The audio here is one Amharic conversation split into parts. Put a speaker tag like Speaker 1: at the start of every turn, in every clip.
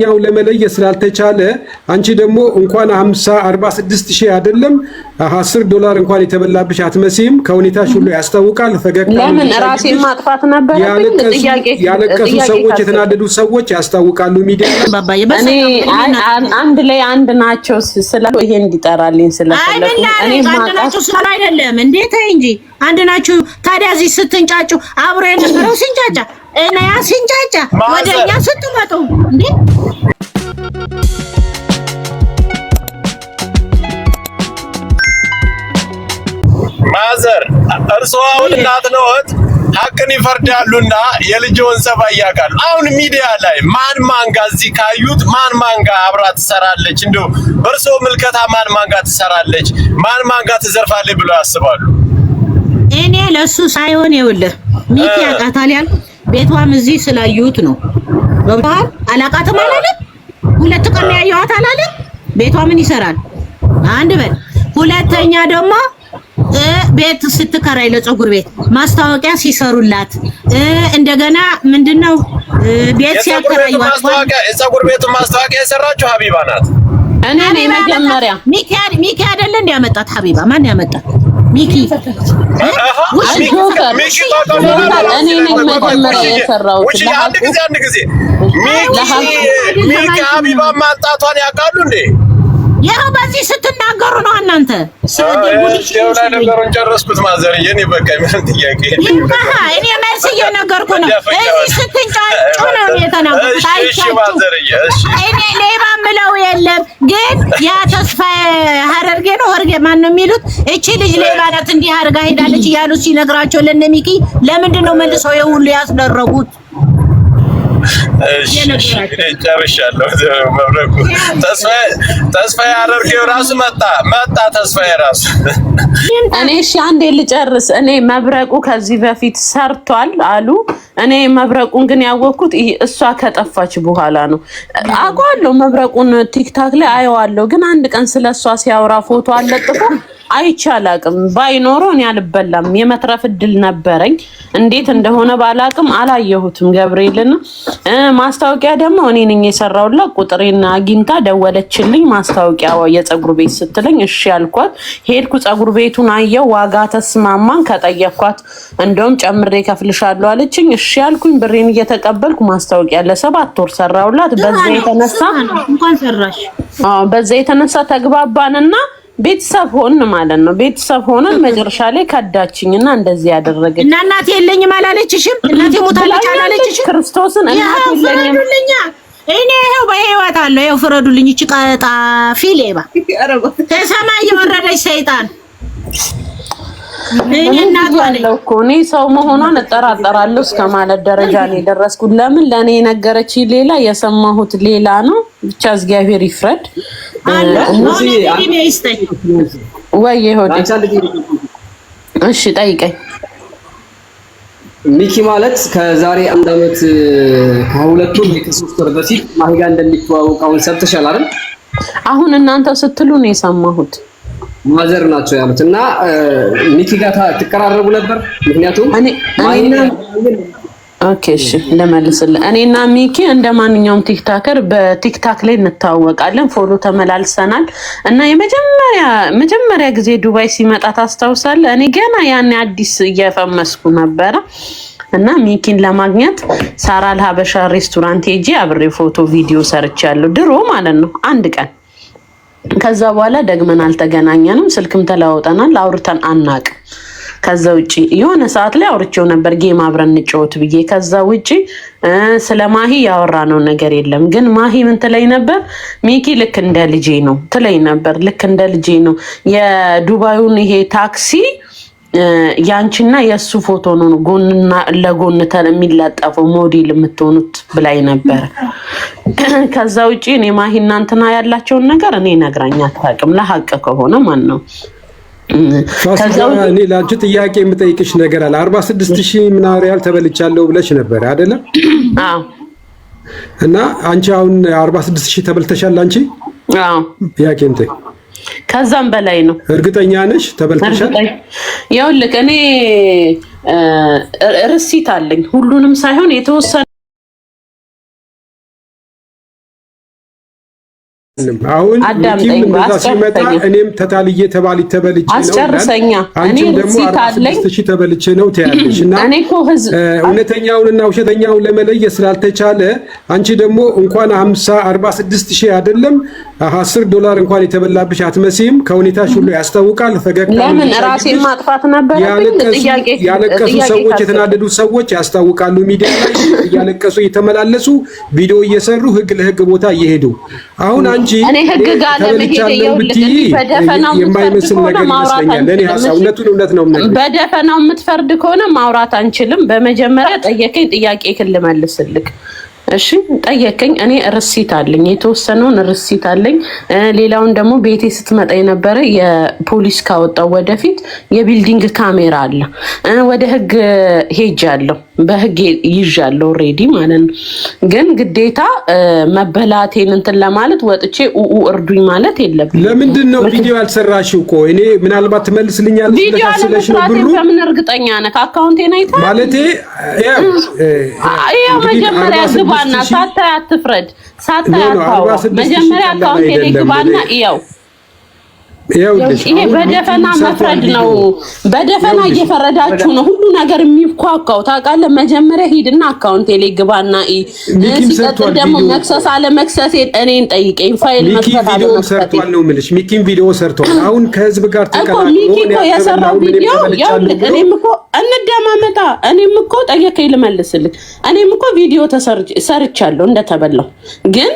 Speaker 1: ኛው ለመለየት ስላልተቻለ አንቺ ደግሞ እንኳን 50 46 ሺህ አይደለም 10 ዶላር እንኳን የተበላብሽ አትመሲም። ከሁኔታሽ ሁሉ ያስታውቃል። ፈገግ
Speaker 2: ለምን ራሴን ማጥፋት ነበር?
Speaker 1: ያለቀሱ ያለቀሱ ሰዎች፣ የተናደዱ ሰዎች ያስታውቃሉ። ሚዲያ
Speaker 2: ባባዬ እኔ አንድ ላይ አንድ ናቸው ስላሉ ይሄን እንዲጠራልኝ ስለፈለኩ አይደለም እንዴ? ተይ እንጂ አንድ ናቸው። ታዲያ እዚህ ስትንጫጩ አብሮ የነበረው ሲንጫጫ እነያ ሲንጫጫ ወደኛ ስትመጡ እንዴ
Speaker 1: ማዘር እርስዎ አሁን እናት ነዎት። ሀቅን ይፈርዳሉና የልጅዎን ጸባይ ያውቃሉ። አሁን ሚዲያ ላይ ማን ማን ጋር እዚህ ካዩት ማን ማን ጋር አብራ ትሰራለች፣ እንዲሁ በእርስዎ ምልከታ ማን ማን ጋር ትሰራለች፣ ማን ማን ጋር ትዘርፋለች ብሎ ያስባሉ? እኔ ለእሱ ሳይሆን ይኸውልህ ሚኪ ያውቃታል ያልኩት ቤቷም እዚህ ስላዩት ነው። ገብቶሃል? አላቃትም አላለም። ሁለት ቀን ነው ያየኋት አላለም። ቤቷ ምን ይሰራል? አንድ በል። ሁለተኛ ደግሞ ቤት ስትከራይ ለፀጉር ቤት ማስታወቂያ ሲሰሩላት እንደገና ምንድነው ቤት ሲያከራዩዋት ፀጉር ቤቱን ማስታወቂያ የሰራችው ሀቢባ ናት። እኔ መጀመሪያ ሚኪ አይደለ እንዲያመጣት ሀቢባ ማን ያመጣት? ሚኪ እኔ ነኝ መጀመሪያ የሰራሁት። አንድ ጊዜ አንድ ጊዜ ሚኪ ሀቢባ ማጣቷን ያውቃሉ እንዴ? ይኸው በዚህ ስትናገሩ ነው እናንተ። ነገሩን ጨረስኩት። ማዘርዬ እኔ በቃ ምንም ጥያቄ እኔ መልስ እየነገርኩ ነው። እዚህ ስትንጫጩ ነው የተናገርኩት። አይቻችሁ እኔ ሌባ የምለው የለም ግን ያ ተስፋ ሀረርጌ ነው ሀረርጌ ማን ነው የሚሉት እቺ ልጅ ላይ ማለት እንዲህ አድርጋ ሄዳለች እያሉ ሲነግራቸው ለነሚኪ ለምንድን ነው መልሰው የሁሉ ያስደረጉት? ጨርሻለሁ። መብረቁ ተስፋዬ አደርጌው ራሱ መጣ መጣ። ተስፋዬ ራሱ እኔ እሺ፣ አንዴ ልጨርስ። እኔ መብረቁ ከዚህ በፊት ሰርቷል አሉ። እኔ መብረቁን ግን ያወቅኩት እሷ ከጠፋች በኋላ ነው። አውቀዋለሁ መብረቁን ቲክታክ ላይ አየዋለሁ፣ ግን አንድ ቀን ስለ እሷ ሲያወራ ፎቶ አለጥፎ አይቼ አላቅም። ባይኖረው እኔ አልበላም። የመትረፍ እድል ነበረኝ። እንዴት እንደሆነ ባላቅም አላየሁትም። ገብርኤልና ማስታወቂያ ደግሞ እኔ ነኝ የሰራሁላት። ቁጥሬና አግኝታ ደወለችልኝ። ማስታወቂያ የጸጉር ቤት ስትለኝ እሺ ያልኳት። ሄድኩ ጸጉር ቤቱን አየው፣ ዋጋ ተስማማን። ከጠየኳት እንደውም ጨምሬ ከፍልሻለሁ አለችኝ። እሺ ያልኩኝ፣ ብሬን እየተቀበልኩ ማስታወቂያ ለሰባት ወር ሰራውላት። በዛ የተነሳ ሰራሽ፣ በዛ የተነሳ ተግባባንና ቤተሰብ ሆን ማለት ነው። ቤተሰብ ሆነን መጨረሻ ላይ ከዳችኝ እንደዚህ ያደረገች እና እናቴ የለኝም አላለችሽም? እናቴ ሞታለች አላለችሽም? ክርስቶስን እናት የለኝም እኔ ይሄው በህይወት አለሁ። ይሄው ፍረዱልኝ። እቺ ቀጣፊ ሌባ ከሰማይ የወረደች ሰይጣን እኮ እኔ ሰው መሆኗን እጠራጠራለሁ እስከ ማለት ደረጃ ነው የደረስኩት። ለምን ለእኔ የነገረች ሌላ የሰማሁት ሌላ ነው። ብቻ እግዚአብሔር ይፍረድ። ወይ ሆዴ እሺ፣ ጠይቀኝ። ሚኪ ማለት ከዛሬ አንድ አመት ከሁለቱ ከሶስት ወር በፊት ማሂ ጋር እንደሚተዋወቅ አሁን ሰብተሻል አይደል? አሁን እናንተ ስትሉ ነው የሰማሁት። ማዘር ናቸው ያሉት እና ሚኪ ጋር ትቀራረቡ ነበር ምክንያቱም ኦኬ እሺ፣ እኔ እና ሚኪ እንደ ማንኛውም ቲክታከር በቲክታክ ላይ እንታወቃለን፣ ፎሎ ተመላልሰናል እና የመጀመሪያ መጀመሪያ ጊዜ ዱባይ ሲመጣ ታስታውሳለህ? እኔ ገና ያኔ አዲስ እየፈመስኩ ነበረ እና ሚኪን ለማግኘት ሳራ ለሀበሻ ሬስቶራንት ሄጄ አብሬ ፎቶ ቪዲዮ ሰርቻለሁ። ድሮ ማለት ነው አንድ ቀን ከዛ በኋላ ደግመን አልተገናኘንም። ስልክም ተለዋውጠናል፣ አውርተን አናውቅም። ከዛ ውጭ የሆነ ሰዓት ላይ አውርቼው ነበር ጌም አብረን እንጫወት ብዬ። ከዛ ውጭ ስለ ማሂ ያወራነው ነገር የለም። ግን ማሂ ምን ትለኝ ነበር? ሚኪ ልክ እንደ ልጄ ነው ትለኝ ነበር። ልክ እንደ ልጄ ነው የዱባዩን ይሄ ታክሲ ያንቺና የእሱ ፎቶ ነው ጎንና ለጎን ተን የሚለጠፈው ሞዴል የምትሆኑት ብላኝ ነበር። ከዛ ውጭ እኔ ማሂ እናንትና ያላቸውን ነገር እኔ ነግራኝ አታውቅም። ለሀቅ ከሆነ ማን ነው እኔ ለአንቺ ጥያቄ የምጠይቅሽ ነገር አለ። አርባ ስድስት ሺህ ምናምን ሪያል ተበልቻለሁ ብለሽ ነበር አይደለም? እና አንቺ አሁን አርባ ስድስት ሺህ ተበልተሻል። አንቺ ጥያቄ እንትን ከዛም በላይ ነው። እርግጠኛ ነሽ ተበልተሻል? ይኸውልህ እኔ ርሲት አለኝ ሁሉንም ሳይሆን የተወሰነ አሁን አዳምጠኝ አስጨርሰኝ። እኔም ተታልዬ ተባል ተበልቼ ነው አስጨርሰኛ። ተበልቼ ነው ትያለሽ። እና ውሸተኛውን ስላልተቻለ አንቺ ደግሞ እንኳን አርባ ስድስት ሺህ አይደለም አስር ዶላር እንኳን የተበላብሽ አትመሲም። ከሁኔታሽ ሁሉ ያስታውቃል። ፈገግ ለምን ራሴን ማጥፋት ነበር? ጥያቄ ያለቀሱ ሰዎች፣ የተናደዱ ሰዎች ያስታውቃሉ። ሚዲያ ላይ እያለቀሱ እየተመላለሱ ቪዲዮ እየሰሩ ህግ ለህግ ቦታ እየሄዱ አሁን አንቺ እኔ ህግ ጋር ለመሄድ ብትይ የማይመስል ነገር ይመስለኛል። ለእኔ ሀሳብ እውነቱን እውነት ነው። በደፈናው የምትፈርድ ከሆነ ማውራት አንችልም። በመጀመሪያ ጠየቀኝ ጥያቄ ክልመልስልክ እሺ ጠየቀኝ። እኔ ርሲት አለኝ፣ የተወሰነውን ርሲት አለኝ። ሌላውን ደግሞ ቤቴ ስትመጣ የነበረ የፖሊስ ካወጣው ወደፊት የቢልዲንግ ካሜራ አለ። ወደ ህግ ሄጃለሁ፣ በህግ ይዣለሁ ሬዲ ማለት ነው። ግን ግዴታ መበላቴን እንትን ለማለት ወጥቼ ኡኡ እርዱኝ ማለት የለብኝ። ለምንድን ነው ቪዲዮ ያልሰራሽው? እኮ እኔ ምናልባት ትመልስልኛለሽ። ቪዲዮ እርግጠኛ ነህ? ከአካውንቴን አይተህ ማለቴ ያው መጀመሪያ ግባ ግባና ሳታይ አትፍረድ፣ ሳታይ አታውራ። መጀመሪያ አካውንቴ ላይ ግባና እየው ይሄ በደፈና መፍረድ ነው። በደፈና እየፈረዳችሁ ነው። ሁሉ ነገር የሚኳኳው ታውቃለህ። መጀመሪያ ሂድና ግባና፣ ሲቀጥል ደግሞ መክሰስ እኔን ጠይቀኝ። ፋይል መክሰስ ሚኪም ቪዲዮ ሰርቷል። አሁን ከህዝብ ጋር ሚኪ እኮ የሰራው ቪዲዮ እኔም እኮ እንደማመጣ እኔም እኮ ጠየቀኝ ልመልስልህ። እኔም እኮ ቪዲዮ እንደተበላው ግን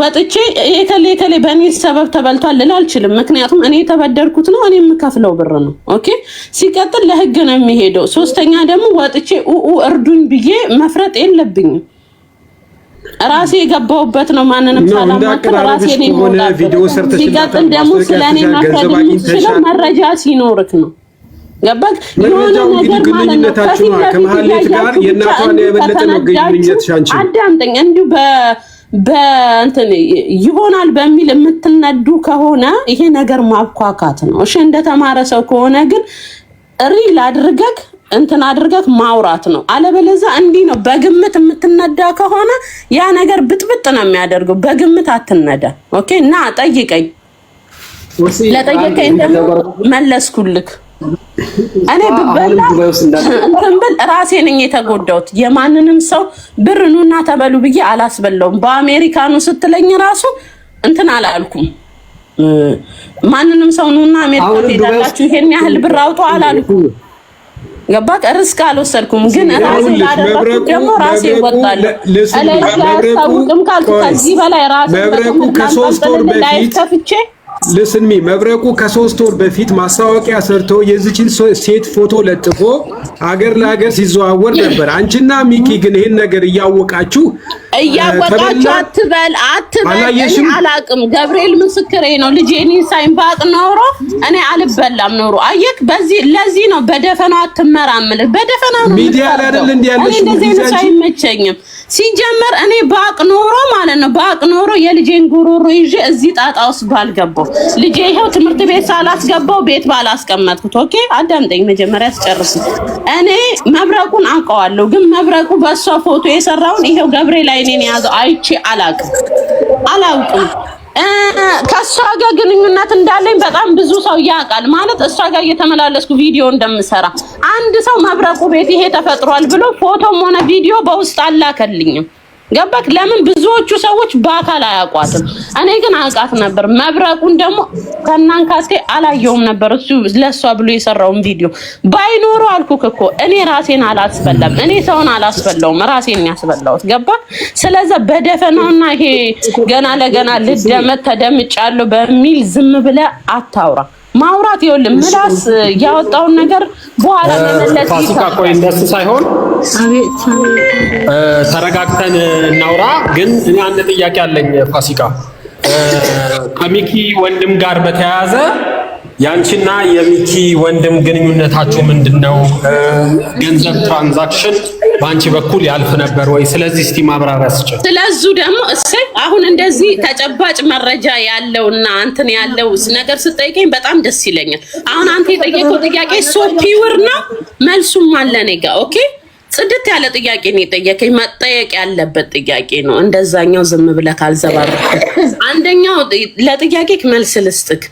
Speaker 1: ወጥቼ የተለ የተለ በእኔ ሰበብ ተበልቷል ልል አልችልም። ምክንያቱም እኔ የተበደርኩት ነው፣ እኔ የምከፍለው ብር ነው። ኦኬ። ሲቀጥል ለህግ ነው የሚሄደው። ሶስተኛ ደግሞ ወጥቼ ኡኡ እርዱን ብዬ መፍረጥ የለብኝም። ራሴ የገባውበት ነው። ማንንም ሳላማክር ራሴ ነው የምወጣበት። ሲቀጥል ደግሞ ስለእኔ መፍረድ የምችለው መረጃ ሲኖርክ ነው። ገባክ? የሆነ ነገር ማለት ነው። ከፊት ለፊት እያያችሁ ብቻ እንዲሁ አዳምጠኝ እንዲሁ በእንትን ይሆናል በሚል የምትነዱ ከሆነ ይሄ ነገር ማብኳካት ነው። እሺ እንደተማረ ሰው ከሆነ ግን ሪል አድርገክ እንትን አድርገክ ማውራት ነው። አለበለዛ እንዲህ ነው በግምት የምትነዳ ከሆነ ያ ነገር ብጥብጥ ነው የሚያደርገው። በግምት አትነዳ። ኦኬ። እና ጠይቀኝ፣ ለጠየቀኝ ደግሞ መለስኩልክ። እኔ ብበላ ራሴ ነኝ የተጎዳሁት። የማንንም ሰው ብር ኑና ተበሉ ብዬ አላስበላውም። በአሜሪካኑ ስትለኝ ራሱ እንትን አላልኩም። ማንንም ሰው ኑና አሜሪካ ትሄዳላችሁ ይሄን ያህል ብር አውጡ አላልኩም። ገባክ? ርስክ አልወሰድኩም፣ ግን ራሴ ላደረኩት ደግሞ ራሴ ይወጣል። እላይ አያስታውቅም ካልኩ ከዚህ በላይ ራሴ ከሶስት ላይ በፊት ልስንሚ መብረቁ ከሶስት ወር በፊት ማስታወቂያ ሰርቶ የዚችን ሴት ፎቶ ለጥፎ አገር ለሀገር ሲዘዋወር ነበር። አንቺና ሚኪ ግን ይህን ነገር እያወቃችሁ እያወቃችሁ አትበል አትበል። አላቅም። ገብርኤል ምስክሬ ነው። ልጄን ሳይን ባቅ ኖሮ እኔ አልበላም ኖሮ። አየህ፣ በዚህ ለዚህ ነው በደፈናው አትመራምልህ። በደፈናው ነው ሚዲያ ላይ አይደል እንዲያለሽ። እኔ እንደዚህ ሲጀመር እኔ ባቅ ኖሮ ማለት ነው ባቅ ኖሮ የልጄን ጉሮሮ ይዤ እዚህ ጣጣ ውስጥ ባልገባው። ልጄ ይኸው ትምህርት ቤት ሳላስገባው ቤት ባላስቀመጥኩት። ኦኬ አዳምጠኝ መጀመሪያ ትጨርስ። እኔ መብረቁን አውቀዋለሁ፣ ግን መብረቁ በእሷ ፎቶ የሰራውን ይኸው ገብሬ ላይ እኔን የያዘው አይቼ አላውቅም አላውቅም ከእሷ ጋር ግንኙነት እንዳለኝ በጣም ብዙ ሰው ያውቃል። ማለት እሷ ጋር እየተመላለስኩ ቪዲዮ እንደምሰራ አንድ ሰው መብረቁ ቤት ይሄ ተፈጥሯል ብሎ ፎቶም ሆነ ቪዲዮ በውስጥ አላከልኝም። ገባክ? ለምን ብዙዎቹ ሰዎች በአካል አያውቋትም። እኔ ግን አውቃት ነበር። መብረቁን ደግሞ ከናን ካስቴ አላየውም ነበር እሱ ለሷ ብሎ የሰራውን ቪዲዮ ባይኖሩ አልኩክ እኮ እኔ ራሴን አላስበላም። እኔ ሰውን አላስበላውም፣ ራሴን ያስበላሁት። ገባ? ስለዛ በደፈናውና ይሄ ገና ለገና ልደመት ተደምጫለሁ በሚል ዝም ብለ አታውራ። ማውራት ይኸውልህ፣ ምላስ ያወጣውን ነገር በኋላ ለመለስ ፋሲካ፣ ቆይ እንደሱ ሳይሆን ተረጋግተን እናውራ። ግን እኔ አንድ ጥያቄ አለኝ ፋሲካ ከሚኪ ወንድም ጋር በተያያዘ ያንቺና የሚኪ ወንድም ግንኙነታችሁ ምንድነው? ገንዘብ ትራንዛክሽን በአንቺ በኩል ያልፍ ነበር ወይ? ስለዚህ እስቲ ማብራሪያ ስጭ። ስለዙ ደግሞ እሰይ አሁን እንደዚህ ተጨባጭ መረጃ ያለውና እንትን ያለው ነገር ስጠይቀኝ በጣም ደስ ይለኛል። አሁን አንተ የጠየቀው ጥያቄ ሶ ፒውር ነው መልሱም አለ እኔ ጋ ኦኬ ጽድት ያለ ጥያቄ ነው የጠየቀኝ። መጠየቅ ያለበት ጥያቄ ነው። እንደዛኛው ዝም ብለህ ካልዘባበት። አንደኛው ለጥያቄ መልስ ልስጥክ።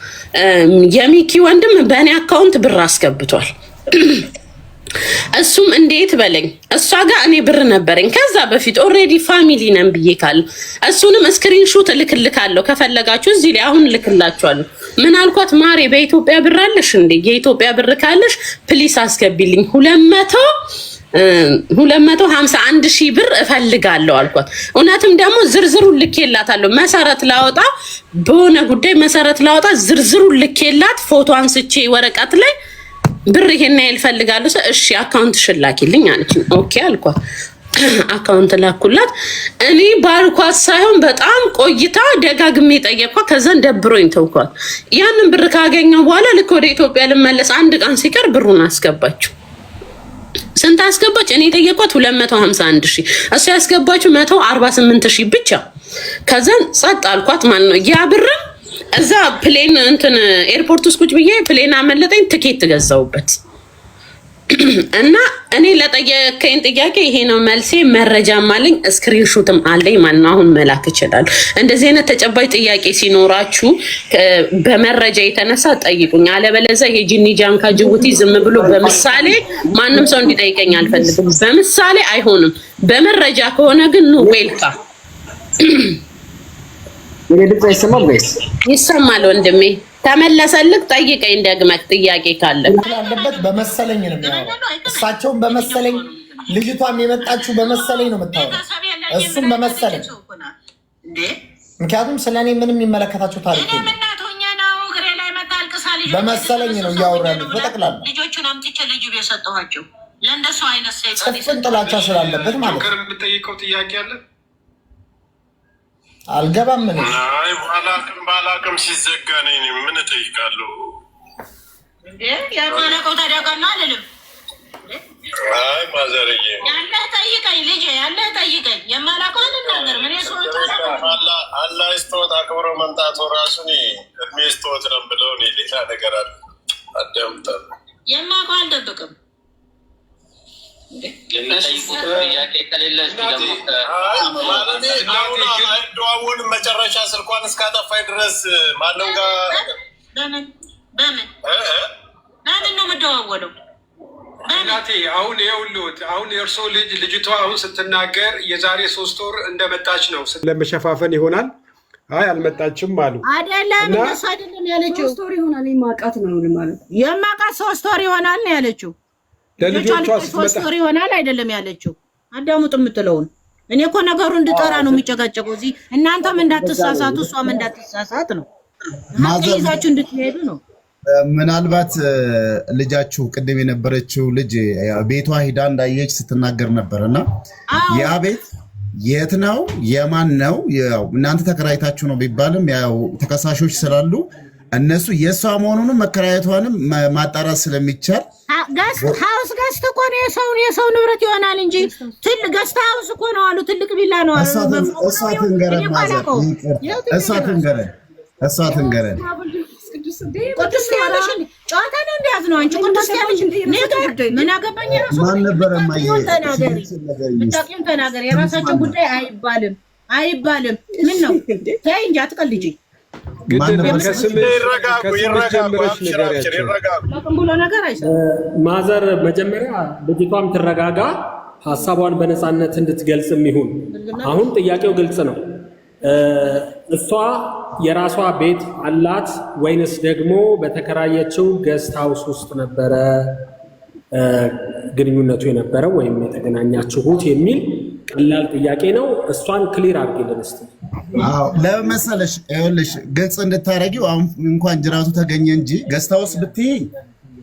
Speaker 1: የሚኪ ወንድም በእኔ አካውንት ብር አስገብቷል። እሱም እንዴት በለኝ፣ እሷ ጋር እኔ ብር ነበረኝ ከዛ በፊት ኦሬዲ ፋሚሊ ነን ብዬ ካለ እሱንም ስክሪንሹት እልክልካለሁ ከፈለጋችሁ እዚህ ላይ አሁን እልክላችኋለሁ። ምን አልኳት ማሬ፣ በኢትዮጵያ ብር አለሽ እንዴ? የኢትዮጵያ ብር ካለሽ ፕሊስ አስገቢልኝ ሁለት መቶ ሁለት መቶ ሀምሳ አንድ ሺህ ብር እፈልጋለሁ አልኳት። እውነትም ደግሞ ዝርዝሩን ልኬላታለሁ። መሰረት ላወጣ በሆነ ጉዳይ መሰረት ላወጣ ዝርዝሩን ልኬላት ፎቶ አንስቼ ወረቀት ላይ ብር ይሄን ያህል እፈልጋለሁ። እሺ አካውንት ሽላኪልኝ አለች። ኦኬ አልኳት። አካውንት ላኩላት። እኔ ባልኳት ሳይሆን በጣም ቆይታ ደጋግሜ ጠየኳት። ከዛን ደብሮኝ ተውኳት። ያንን ብር ካገኘው በኋላ ልክ ወደ ኢትዮጵያ ልመለስ አንድ ቀን ሲቀር ብሩን አስገባችው። ስንት አስገባች? እኔ የጠየኳት 251 ሺ እሱ ያስገባችው 148 ብቻ። ከዛን ጸጥ አልኳት ማለት ነው። ያ ብር እዛ ፕሌን እንትን ኤርፖርት ውስጥ ቁጭ ብዬ ፕሌን አመለጠኝ፣ ትኬት ገዛውበት። እና እኔ ለጠየቀኝ ጥያቄ ይሄ ነው መልሴ። መረጃም አለኝ እስክሪንሹትም አለኝ። ማነው አሁን መላክ ይችላል። እንደዚህ አይነት ተጨባጭ ጥያቄ ሲኖራችሁ በመረጃ የተነሳ ጠይቁኝ። አለበለዚያ ይሄ ጂኒ ጃንካ ጅቡቲ ዝም ብሎ በምሳሌ ማንም ሰው እንዲጠይቀኝ አልፈልግም። በምሳሌ አይሆንም። በመረጃ ከሆነ ግን ኑ ዌልካ ይሰማል ወንድሜ ተመለሰልክ ጠይቀኝ ደግመህ ጥያቄ ካለ ያለበት በመሰለኝ ነው የሚያወራው እሳቸውን በመሰለኝ ልጅቷም የመጣችው በመሰለኝ ነው የምታወራው እሱም በመሰለኝ ምክንያቱም ስለ እኔ ምንም የሚመለከታቸው ታሪክ በመሰለኝ ነው እያወራ ያሉት በጠቅላላ ልጆቹን አምጥቼ ለእንደሱ አይነት ሰይጣን ጥላቻ ስላለበት ማለት ነው የምጠይቀው ጥያቄ አለ አልገባም። ምን ባላቅም ባላቅም ሲዘጋ ነኝ። ምን እጠይቃለሁ? ያማለቀው ታዳቃና አልልም። አይ ማዘርዬ ያለህ ጠይቀኝ፣ ልጄ ያለህ ጠይቀኝ። ምን አላህ ስትወት አክብሮ መምጣቱ እድሜ ነው ብለው ሌላ ነገር አለ አልደብቅም ደዋውን መጨረሻ ስልኳን እስካጠፋኝ ድረስ ማንም ጋር በምን በምን ነው የምደዋወለው? እናቴ አሁን የውሉት አሁን የእርሶ ልጅ ልጅቷ አሁን ስትናገር የዛሬ ሶስት ወር እንደመጣች ነው ለመሸፋፈን ይሆናል። አይ አልመጣችም አሉ አይደለም፣ እንደሱ አይደለም ያለችው። ሶስት ወር ይሆናል የማውቃት ነው ማለት የማውቃት ሶስት ወር ይሆናል ነው ያለችው። ለልጆቿ ይሆናል አይደለም ያለችው። አዳሙጥ የምትለውን እኔ እኮ ነገሩ እንድጠራ ነው የሚጨቃጨቀው። እዚህ እናንተም እንዳትሳሳቱ እሷም እንዳትሳሳት ነው ይዛችሁ እንድትሄዱ ነው። ምናልባት ልጃችሁ ቅድም የነበረችው ልጅ ቤቷ ሂዳ እንዳየች ስትናገር ነበር እና ያ ቤት የት ነው የማን ነው? እናንተ ተከራይታችሁ ነው ቢባልም ያው ተከሳሾች ስላሉ እነሱ የእሷ መሆኑንም መከራየቷንም ማጣራት ስለሚቻል ሀውስ ገዝት እኮ ነው የሰውን የሰው ንብረት ይሆናል እንጂ ትልቅ ሀውስ እኮ ነው አሉ። ትልቅ ቢላ ነው አሉ። ቅዱስ ጨዋታ ነው ነው። አንቺ ቅዱስ ምን አገባኝ? የራሳቸው ጉዳይ አይባልም አይባልም። ምን ነው ተይ እንጂ አትቀልጂ ማዘር መጀመሪያ ልጅቷም ትረጋጋ፣ ሀሳቧን በነፃነት እንድትገልጽም ይሁን። አሁን ጥያቄው ግልጽ ነው። እሷ የራሷ ቤት አላት ወይንስ ደግሞ በተከራየችው ገስት ሀውስ ውስጥ ነበረ ግንኙነቱ የነበረው ወይም የተገናኛችሁት የሚል ቀላል ጥያቄ ነው። እሷን ክሊር አድርጊልን እስኪ። ለመሰለሽ ይኸውልሽ፣ ግልጽ እንድታረጊው አሁን እንኳን ጅራቱ ተገኘ እንጂ ገስታውስ ብትይ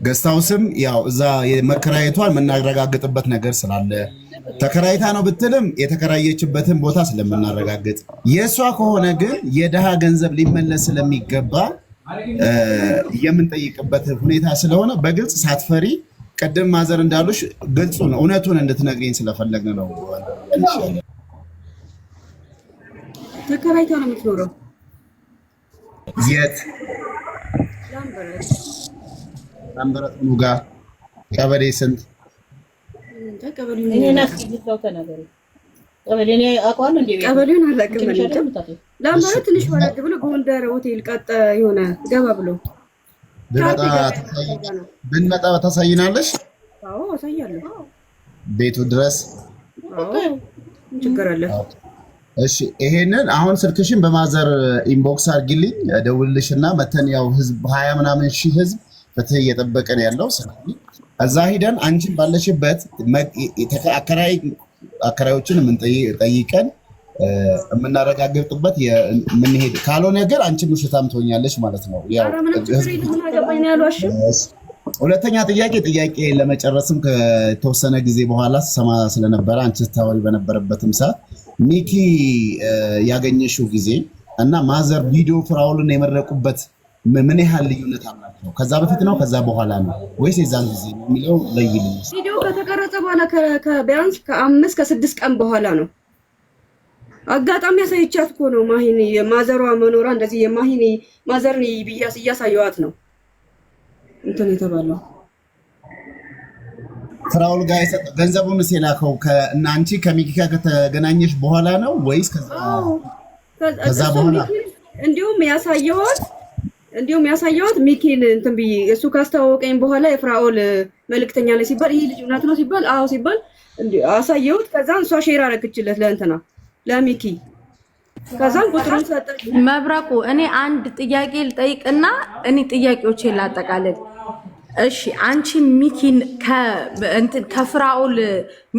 Speaker 1: ገስታውስም ያው እዛ የመከራየቷን የምናረጋግጥበት ነገር ስላለ ተከራይታ ነው ብትልም የተከራየችበትን ቦታ ስለምናረጋግጥ፣ የእሷ ከሆነ ግን የድሃ ገንዘብ ሊመለስ ስለሚገባ የምንጠይቅበት ሁኔታ ስለሆነ በግልጽ ሳትፈሪ ቀደም ማዘር እንዳሉሽ ግልጹ ነው። እውነቱን እንድትነግሪኝ ስለፈለግን ነው። ተከራይታ ነው የምትኖረው? የት ላምበረት ሙጋ ቀበሌ ስንት? ቀበሌውን አላውቅም። ላምበረት ትንሽ ወረድ ብሎ ጎንደር ሆቴል ቀጥ የሆነ ገባ ብሎ ብንመጣ ታሳይናለሽ? አዎ አሳያለሁ። ቤቱ ድረስ ችግር አለ። እሺ ይሄንን አሁን ስልክሽን በማዘር ኢንቦክስ አድርጊልኝ፣ ደውልልሽና መተን ያው ህዝብ ሀያ ምናምን ሺህ ህዝብ ፍትህ እየጠበቀ ነው ያለው። እዛ ሂደን አንቺን ባለሽበት አከራዮችን የምንጠይቀን የምናረጋግጥበት የምንሄድ ካልሆነ ግን አንቺ ውሸታም ትሆኛለች ማለት ነው። ሁለተኛ ጥያቄ ጥያቄ ለመጨረስም ከተወሰነ ጊዜ በኋላ ስሰማ ስለነበረ አንቺ ስታወሪ በነበረበትም ሰዓት ሚኪ ያገኘሽው ጊዜ እና ማዘር ቪዲዮ ፍራውልን የመረቁበት ምን ያህል ልዩነት አላቸው? ከዛ በፊት ነው ከዛ በኋላ ነው ወይስ የዛን ጊዜ የሚለው ለይልኝ። ቪዲዮ ከተቀረጸ በኋላ ቢያንስ ከአምስት ከስድስት ቀን በኋላ ነው አጋጣሚ ያሳይቻት እኮ ነው ማሂን ማዘሯ መኖሯ እንደዚህ የማሂን ማዘርን ብያስ እያሳየዋት ነው እንትን የተባለው ፍራውል ጋር ገንዘቡን ሴላከው እና አንቺ ከሚኪካ ከተገናኘሽ በኋላ ነው ወይስ ከዛ በኋላ? እንዲሁም ያሳየዋት እንዲሁም ያሳየዋት ሚኪን እንትን ብዬ እሱ ካስተዋወቀኝ በኋላ የፍራውል መልእክተኛ ላይ ሲባል ይህ ልጅ እውነት ነው ሲባል አዎ ሲባል አሳየሁት። ከዛ እሷ ሼር አረግችለት ለእንትና ለሚኪ ከዛም ቁጥሩን ሰጠች። መብረቁ እኔ አንድ ጥያቄ ልጠይቅና እኔ ጥያቄዎች ላጠቃልል። እሺ አንቺ ሚኪን ከፍራኦል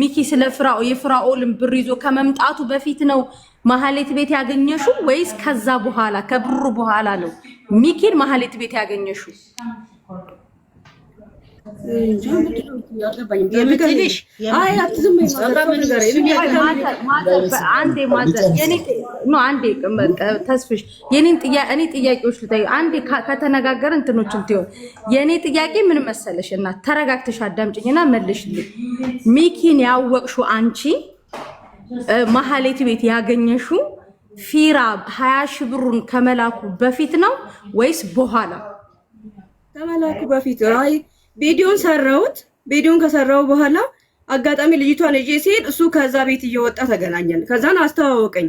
Speaker 1: ሚኪ ስለ ፍራኦል የፍራኦልን ብር ይዞ ከመምጣቱ በፊት ነው ማህሌት ቤት ያገኘሽው ወይስ ከዛ በኋላ ከብሩ በኋላ ነው ሚኪን ማህሌት ቤት ያገኘሽው? ተስፍሽ የኔን እኔ ጥያቄዎች ልታዩ አንዴ ከተነጋገረ እንትኖች ትሆን የእኔ ጥያቄ ምን መሰለሽ? እና ተረጋግተሽ አዳምጭኝና መልሽልኝ። ሚኪን ያወቅሽው አንቺ መሀሌት ቤት ያገኘሽው ፊራ ሀያ ሺህ ብሩን ከመላኩ በፊት ነው ወይስ በኋላ? ከመላኩ በፊት ቪዲዮን ሰራሁት። ቪዲዮን ከሰራው በኋላ አጋጣሚ ልጅቷን እጄ ሲሄድ እሱ ከዛ ቤት እየወጣ ተገናኘን። ከዛን አስተዋወቀኝ።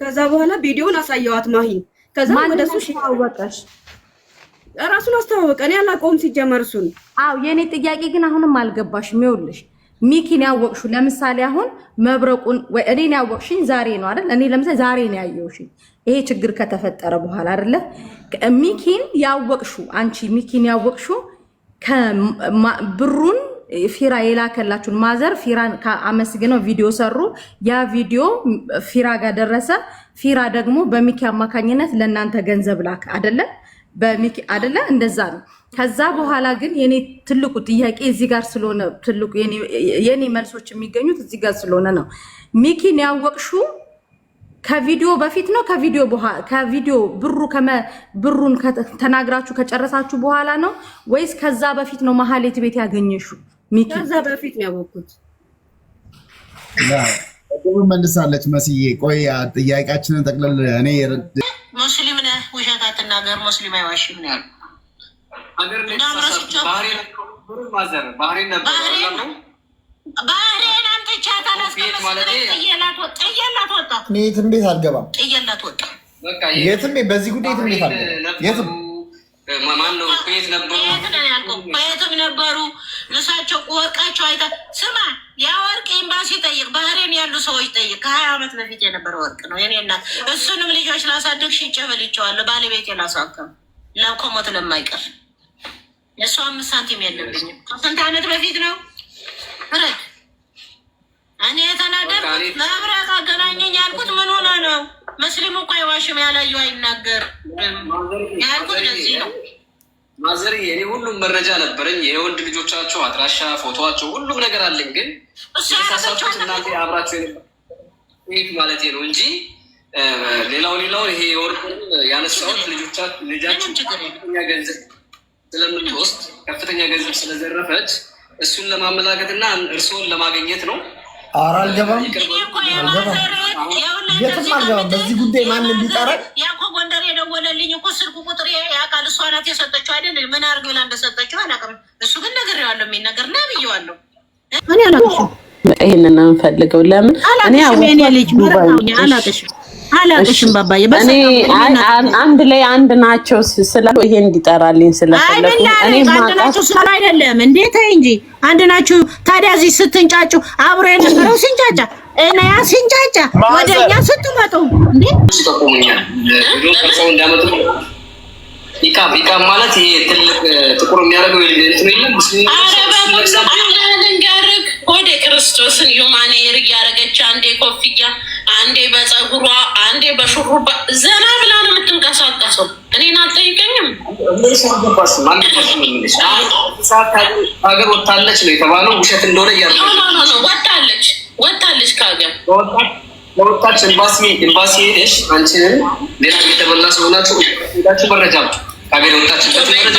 Speaker 1: ከዛ በኋላ ቪዲዮን አሳየዋት ማሂን። ከዛ ወደ እሱ አወቀሽ ራሱን አስተዋወቀ። እኔ አላውቀውም ሲጀመር እሱን። አዎ የእኔ ጥያቄ ግን አሁንም አልገባሽም። ይኸውልሽ ሚኪን ያወቅሹ ለምሳሌ አሁን መብረቁን ወይ እኔን ያወቅሽኝ ዛሬ ነው አይደል? እኔ ለምሳሌ ዛሬ ነው ያየውሽኝ። ይሄ ችግር ከተፈጠረ በኋላ አይደለ? ሚኪን ያወቅሹ አንቺ ሚኪን ያወቅሹ ብሩን ፊራ የላከላችሁን ማዘር ፊራን አመስግነው ቪዲዮ ሰሩ። ያ ቪዲዮ ፊራ ጋር ደረሰ። ፊራ ደግሞ በሚኪ አማካኝነት ለእናንተ ገንዘብ ላክ አደለ? በሚኪ አደለ? እንደዛ ነው። ከዛ በኋላ ግን የኔ ትልቁ ጥያቄ እዚህ ጋር ስለሆነ ትልቁ የኔ መልሶች የሚገኙት እዚህ ጋር ስለሆነ ነው ሚኪን ያወቅሹ ከቪዲዮ በፊት ነው ከቪዲዮ ከቪዲዮ ብሩ ከመ ብሩን ተናግራችሁ ከጨረሳችሁ በኋላ ነው ወይስ ከዛ በፊት ነው? መሀሌት ቤት ያገኘሹ ሚኪ ከዛ በፊት ነው ያወቅኩት። ቅድም መልሳለች መስዬ። ቆይ ጥያቄያችንን ጠቅለል። እኔ ሙስሊም ነህ ውሸት አትናገር፣ ሙስሊም አይዋሽም ነው ያሉ ባህሬን ባህሬን የትም ቤት አልገባም። የትም ቤት በዚህ ጉዳይ የትም ቤት አልገባም። የትም ቤትም ነበሩ። ምሳቸው ወርቃቸው አይታ ስማ፣ ያ ወርቅ ኤምባሲ ጠይቅ፣ ባህሬን ያሉ ሰዎች ጠይቅ። ከሀያ ዓመት በፊት የነበረ ወርቅ ነው የኔ እናት። እሱንም ልጆች ላሳድግ ሽጬ በልቼዋለሁ። ባለቤቴ ላሳከም ለኮሞት ለማይቀር የእሱ አምስት ሳንቲም የለብኝም። ከስንት ዓመት በፊት ነው ረድ እኔ የተናደድኩት በህብረት አገናኘኝ ያልኩት ምን ሆነ ነው? መስሊሙ እኮ አይዋሽም፣ ያላዩ አይናገር ያልኩት ለዚህ ነው። ማዘር የኔ ሁሉም መረጃ ነበረኝ። የወንድ ልጆቻቸው አድራሻ፣ ፎቶዋቸው፣ ሁሉም ነገር አለኝ። ግን ሳሳብት እናንተ አብራችሁ ይህ ማለት ነው እንጂ ሌላው ሌላው ይሄ የወርቁ ያነሳሁት ልጃችን ከፍተኛ ገንዘብ ስለምትወስድ ከፍተኛ ገንዘብ ስለዘረፈች እሱን ለማመላከት እና እርስዎን ለማገኘት ነው። ኧረ አልገባም፣ የትም አልገባም። በዚህ ጉዳይ ማንም ቢጠራ ያኮ ጎንደር የደወለልኝ እኮ ስልኩ ቁጥር ያውቃል። እሷ ናት የሰጠችው አይደል? ምን አድርግ ብላ እንደሰጠችው አላውቅም። እሱ ግን ነግሬዋለሁ፣ የሚነገር ና ብዬዋለሁ። ይህንን ነው የምፈልገው። ለምን እኔ ልጅ አላውቅሽም አላቅሽም ባባዬ። አንድ ላይ አንድ ናቸው ስላሉ ይሄ እንዲጠራልኝ ስለፈለኩ ስላሉ አይደለም እንዴ? ተይ እንጂ አንድ ናቸው። ታዲያ እዚህ ስትንጫጩ አብሮ የነበረው ሲንጫጫ እነያ ሲንጫጫ ወደኛ ስትመጡ እንዴ ማለት ይሄ ትልቅ ጥቁር የሚያደርገው ወደ ክርስቶስን ዩማኔር እያደረገች አንዴ እኮ አንዴ በፀጉሯ አንዴ በሹሩባ ዘና ብላ ነው የምትንቀሳቀሰው። እኔን አልጠይቀኝም። ሀገር ወታለች ነው የተባለው፣ ውሸት እንደሆነ እያ ወታለች ወታለች ከሀገር ወጣች። ኤምባሲ ኤምባሲ ሄደሽ አንቺን ሌላ የተበላ ሰው ናችሁ ሄዳችሁ መረጃ ከሀገር የወጣችበት መረጃ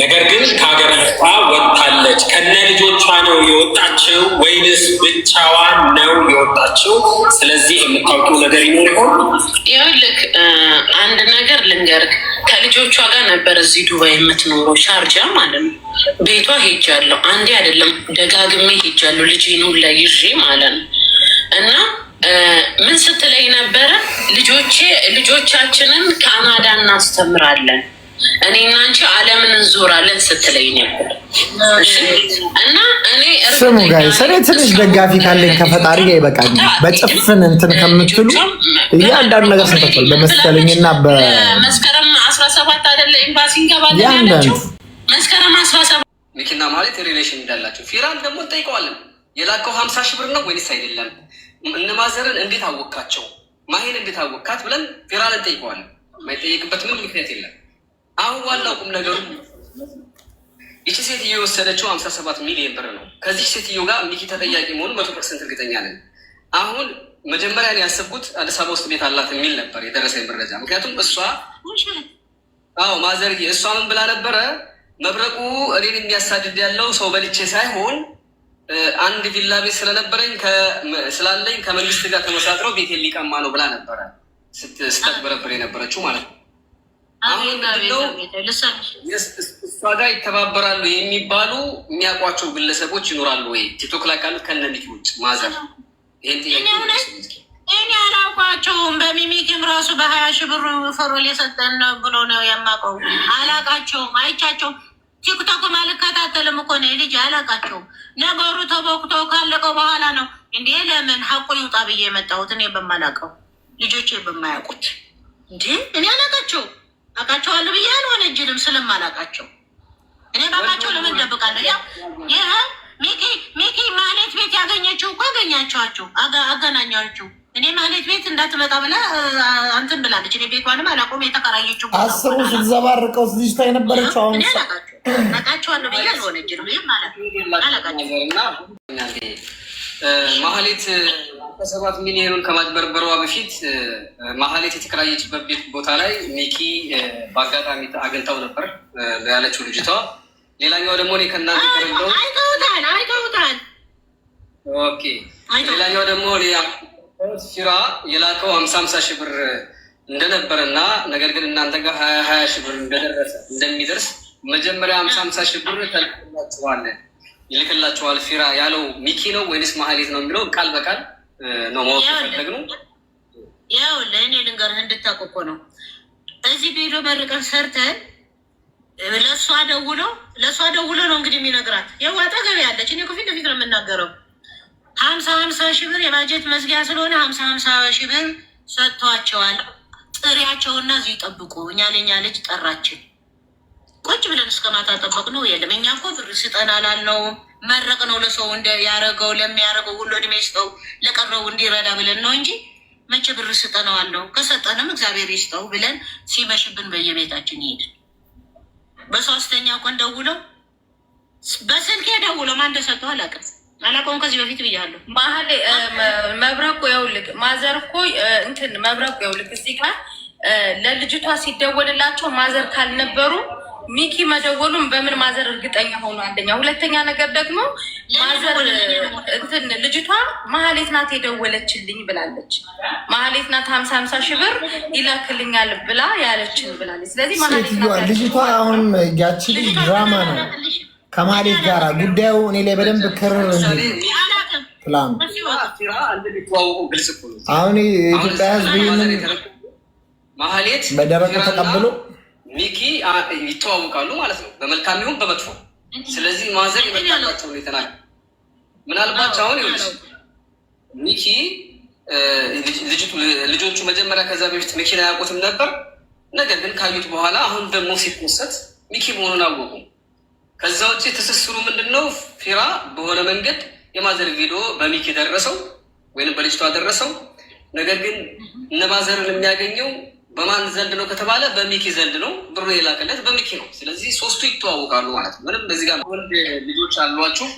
Speaker 1: ነገር ግን ከሀገር ልፋ ወጥታለች። ከነ ልጆቿ ነው የወጣችው ወይንስ ብቻዋን ነው የወጣችው? ስለዚህ የምታውቁ ነገር ይኖር ይሆን? ይኸውልህ አንድ ነገር ልንገርህ። ከልጆቿ ጋር ነበር እዚህ ዱባይ የምትኖረው ሻርጃ ማለት ነው። ቤቷ ሄጃለሁ፣ አንዴ አይደለም ደጋግሜ ሄጃለሁ። ልጄን ሁላ ይዤ ማለት ነው እና ምን ስትለይ ነበረ ልጆቼ ልጆቻችንን ካናዳ እናስተምራለን እኔ እና አንቺ ዓለምን እንዞራለን ስትለኝ እና እኔ ስሙ ጋይ እኔ ትንሽ ደጋፊ ካለኝ ከፈጣሪ ጋር ይበቃኝ። በጭፍን እንትን ከምትሉ እያንዳንዱ ነገር ሰጥቷል። በመስከረኝና በመስከረም አስራ ሰባት አይደለ ኤምባሲ እንገባለን ያለችው መስከረም አስራ ሰባት ሚኪና ማለት ሪሌሽን እንዳላቸው ፊራን ደግሞ እንጠይቀዋለን። የላከው ሀምሳ ሺህ ብር ነው ወይስ አይደለም? እነማዘርን እንዴት አወቃቸው? ማሄን እንዴት አወቃት ብለን ፊራን እንጠይቀዋለን። የማይጠየቅበት ምንም ምክንያት የለም። አሁን ዋናው ቁም ነገሩ ይቺ ሴትዮ የወሰደችው ሀምሳ ሰባት ሚሊዮን ብር ነው። ከዚህ ሴትዮ ጋር ሚኪ ተጠያቂ መሆኑ መቶ ፐርሰንት እርግጠኛ ነን። አሁን መጀመሪያ ያሰብኩት አዲስ አበባ ውስጥ ቤት አላት የሚል ነበር የደረሰኝ መረጃ። ምክንያቱም እሷ አዎ ማዘርጊ እሷ ምን ብላ ነበረ? መብረቁ እኔን የሚያሳድድ ያለው ሰው በልቼ ሳይሆን አንድ ቪላ ቤት ስለነበረኝ ስላለኝ ከመንግስት ጋር ተመሳጥረው ቤቴን ሊቀማ ነው ብላ ነበረ ስተግበረብር የነበረችው ማለት ነው። እሷ ጋር ይተባበራሉ የሚባሉ የሚያውቋቸው ግለሰቦች ይኖራሉ ወይ? ቲክቶክ ላይ ካሉት ከነ ውጭ ማዘር እኔ አላውቃቸውም። በሚሚክም ራሱ በሀያ ሺህ ብሩ ፈሮል የሰጠን ነው ብሎ ነው የማውቀው። አላውቃቸውም፣ አይቻቸውም። ቲክቶክ አልከታተልም እኮ ነው ልጅ አላውቃቸውም። ነገሩ ተቦክቶ ካለቀው በኋላ ነው እንዴ ለምን ሀቁ ይውጣ ብዬ የመጣሁት እኔ በማላውቀው ልጆቼ በማያውቁት እንዴ እኔ አላውቃቸውም። አውቃቸዋለሁ ብዬ አልወነጅልም ስለማላውቃቸው እኔ ባውቃቸው ለምን እደብቃለሁ? ያው ይህ ሚኪ ሚኪ ማለት ቤት ያገኘችው እኮ አገኛቸዋቸው አገናኛችሁ እኔ ማለት ቤት እንዳትመጣ ብላ አንትን ብላለች። እኔ ቤቷንም አላቆም የተከራየችው አስሩ ስትዘባርቀው ልጅታ የነበረችው አሁን አውቃቸዋለሁ ብዬ አልወነጅልም ማለት አላውቃቸው ማህሌት ሰባት ሚሊዮኑን ከማጭበርበሯ በፊት ማህሌት የተከራየችበት ቤት ቦታ ላይ ሚኪ በአጋጣሚ አግኝታው ነበር ያለችው ልጅቷ። ሌላኛው ደግሞ እኔ ከእናንተ ተረዳው አይቀውታል። ኦኬ። ሌላኛው ደግሞ ፊራ የላከው ሀምሳ ሀምሳ ሺህ ብር እንደነበረ እና ነገር ግን እናንተ ጋር ሀያ ሀያ ሺህ ብር እንደደረሰ እንደሚደርስ መጀመሪያ ሀምሳ ሀምሳ ሺህ ብር ተልላችኋለን ይልክላቸዋል። ፊራ ያለው ሚኪ ነው ወይንስ ማህሌት ነው የሚለው ቃል በቃል ነው ማወቅ ፈለግ ነው። ያው ለእኔ ልንገርህ እንድታቆቆ ነው። እዚህ ቤዶ መርቀን ሰርተን ለእሷ ደውሎ ለእሷ ደውሎ ነው እንግዲህ የሚነግራት። ያው አጠገብ ያለች እኔ ፊት ለፊት ነው የምናገረው። ሀምሳ ሀምሳ ሺህ ብር የባጀት መዝጊያ ስለሆነ ሀምሳ ሀምሳ ሺህ ብር ሰጥተዋቸዋል። ጥሪያቸውና እዚህ ይጠብቁ። እኛ ለኛ ልጅ ጠራችን ቁጭ ብለን እስከ ማታ ጠበቅ ነው የለም። እኛ እኮ ብር ስጠን አላልነው መረቅ ነው ለሰው እንደ ያረገው ለሚያረገው ሁሉ እድሜ ስጠው ለቀረው እንዲረዳ ብለን ነው እንጂ መቼ ብር ስጠነው አለው። ከሰጠንም እግዚአብሔር ይስጠው ብለን ሲመሽብን በየቤታችን ይሄድን። በሶስተኛ ቀን ደውለው በስልክ ደውለው ማን እንደሰጠው አላውቅም አላውቀውም ከዚህ በፊት ብያለሁ። መሀል መብረቁ ያውልቅ ማዘር እኮ እንትን መብረቁ ያውልቅ እዚህ ጋር ለልጅቷ ሲደወልላቸው ማዘር ካልነበሩ ሚኪ መደወሉን በምን ማዘር እርግጠኛ ሆኖ አንደኛ፣ ሁለተኛ ነገር ደግሞ ማዘር እንትን ልጅቷ መሀሌት ናት የደወለችልኝ ብላለች። መሀሌት ናት ሀምሳ ሀምሳ ሺህ ብር ይላክልኛል ብላ ያለችን ብላለች። ስለዚህ ልጅቷ አሁን ያቺ ድራማ ነው ከማሌት ጋራ ጉዳዩ እኔ ላይ በደንብ ክርር ፕላን አሁን የኢትዮጵያ ሕዝብ ይህንን በደረቀ ተቀብሎ ሚኪ ይተዋወቃሉ ማለት ነው፣ በመልካም ይሁን በመጥፎ። ስለዚህ ማዘር የመጣላቸው ሁኔታ ምናልባት አሁን ሚኪ ልጆቹ መጀመሪያ ከዛ በፊት መኪና አያውቁትም ነበር። ነገር ግን ካዩት በኋላ አሁን ደግሞ ሲፖሰት ሚኪ መሆኑን አወቁ። ከዛ ውጭ ትስስሩ ምንድን ነው? ፊራ በሆነ መንገድ የማዘር ቪዲዮ በሚኪ ደረሰው ወይም በልጅቷ ደረሰው። ነገር ግን እነ ማዘርን የሚያገኘው በማን ዘንድ ነው ከተባለ በሚኪ ዘንድ ነው። ብሩ የላከለት በሚኪ ነው። ስለዚህ ሶስቱ ይተዋወቃሉ ማለት ነው። ምንም በዚህ ጋር ወንድ ልጆች አሏችሁ፣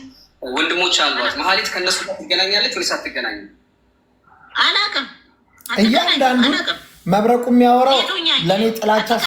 Speaker 1: ወንድሞች አሏት። መሀሊት ከእነሱ ጋር ትገናኛለች ወይስ አትገናኝም? አላውቅም። እያንዳንዱ መብረቁ የሚያወራው ለእኔ ጥላቻ